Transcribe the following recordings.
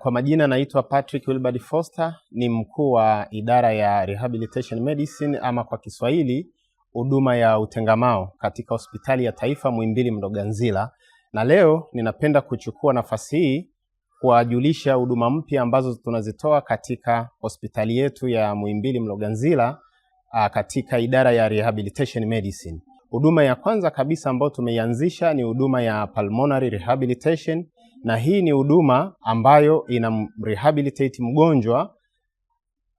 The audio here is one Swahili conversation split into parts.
Kwa majina naitwa Patrick Wilbard Foster, ni mkuu wa idara ya Rehabilitation Medicine ama kwa Kiswahili huduma ya utengamao katika hospitali ya taifa Muhimbili Mloganzila, na leo ninapenda kuchukua nafasi hii kuwajulisha huduma mpya ambazo tunazitoa katika hospitali yetu ya Muhimbili Mloganzila katika idara ya Rehabilitation Medicine. Huduma ya kwanza kabisa ambayo tumeianzisha ni huduma ya Pulmonary Rehabilitation na hii ni huduma ambayo ina rehabilitate mgonjwa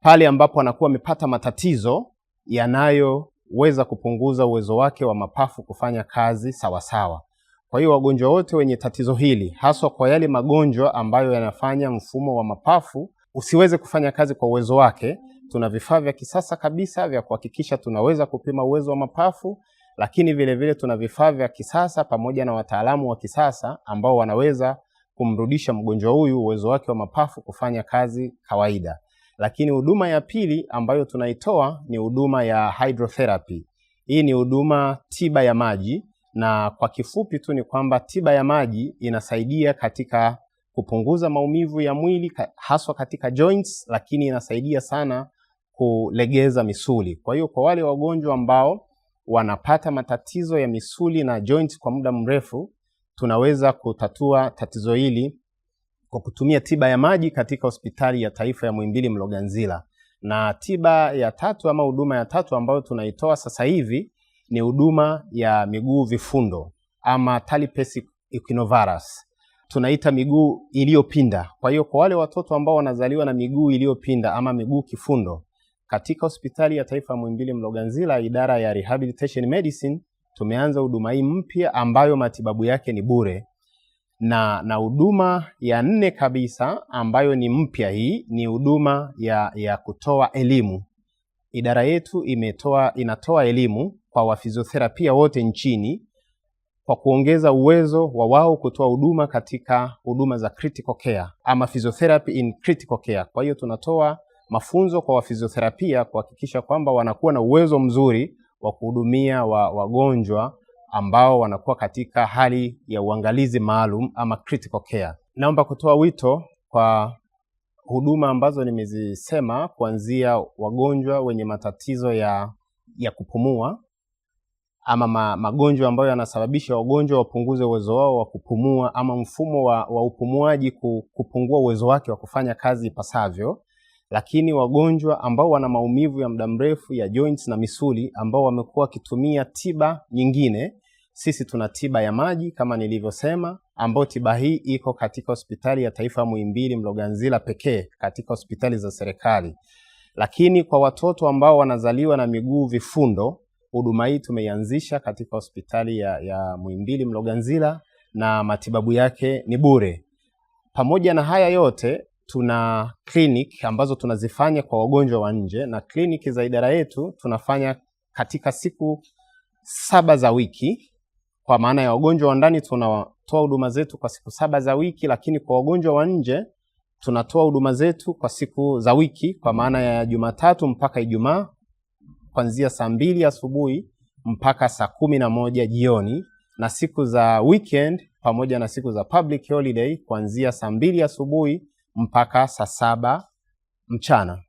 pale ambapo anakuwa amepata matatizo yanayoweza kupunguza uwezo wake wa mapafu kufanya kazi sawasawa. Kwa hiyo wagonjwa wote wenye tatizo hili, haswa kwa yale magonjwa ambayo yanafanya mfumo wa mapafu usiweze kufanya kazi kwa uwezo wake, tuna vifaa vya kisasa kabisa vya kuhakikisha tunaweza kupima uwezo wa mapafu, lakini vilevile tuna vifaa vya kisasa pamoja na wataalamu wa kisasa ambao wanaweza kumrudisha mgonjwa huyu uwezo wake wa mapafu kufanya kazi kawaida. Lakini huduma ya pili ambayo tunaitoa ni huduma ya hydrotherapy. Hii ni huduma tiba ya maji, na kwa kifupi tu ni kwamba tiba ya maji inasaidia katika kupunguza maumivu ya mwili haswa katika joints, lakini inasaidia sana kulegeza misuli. Kwa hiyo kwa wale wagonjwa ambao wanapata matatizo ya misuli na joints kwa muda mrefu, tunaweza kutatua tatizo hili kwa kutumia tiba ya maji katika hospitali ya taifa ya Muhimbili Mloganzila. Na tiba ya tatu ama huduma ya tatu ambayo tunaitoa sasa hivi ni huduma ya miguu vifundo ama talipes equinovarus, tunaita miguu iliyopinda. Kwa hiyo kwa wale watoto ambao wanazaliwa na miguu iliyopinda ama miguu kifundo, katika hospitali ya taifa ya Muhimbili Mloganzila, idara ya rehabilitation medicine tumeanza huduma hii mpya ambayo matibabu yake ni bure, na na huduma ya nne kabisa ambayo ni mpya hii ni huduma ya, ya kutoa elimu. Idara yetu imetoa inatoa elimu kwa wafizotherapia wote nchini kwa kuongeza uwezo wa wao kutoa huduma katika huduma za critical care ama physiotherapy in critical care. Kwa hiyo tunatoa mafunzo kwa wafizotherapia kuhakikisha kwamba wanakuwa na uwezo mzuri wa kuhudumia wagonjwa ambao wanakuwa katika hali ya uangalizi maalum ama critical care. Naomba kutoa wito kwa huduma ambazo nimezisema, kuanzia wagonjwa wenye matatizo ya, ya kupumua ama ma, magonjwa ambayo yanasababisha wagonjwa wapunguze uwezo wao wa kupumua ama mfumo wa, wa upumuaji kupungua uwezo wake wa kufanya kazi ipasavyo lakini wagonjwa ambao wana maumivu ya muda mrefu ya joints na misuli ambao wamekuwa wakitumia tiba nyingine, sisi tuna tiba ya maji kama nilivyosema, ambayo tiba hii iko katika hospitali ya taifa Muhimbili Mloganzila pekee katika hospitali za serikali. Lakini kwa watoto ambao wanazaliwa na miguu vifundo, huduma hii tumeianzisha katika hospitali ya, ya Muhimbili Mloganzila na matibabu yake ni bure. Pamoja na haya yote tuna clinic ambazo tunazifanya kwa wagonjwa wa nje, na clinic za idara yetu tunafanya katika siku saba za wiki. Kwa maana ya wagonjwa wa ndani tunatoa huduma zetu kwa siku saba za wiki, lakini kwa wagonjwa wa nje tunatoa huduma zetu kwa siku za wiki, kwa maana ya Jumatatu mpaka Ijumaa kuanzia saa mbili asubuhi mpaka saa kumi na moja jioni, na siku za weekend pamoja na siku za public holiday kuanzia saa mbili asubuhi mpaka saa saba mchana.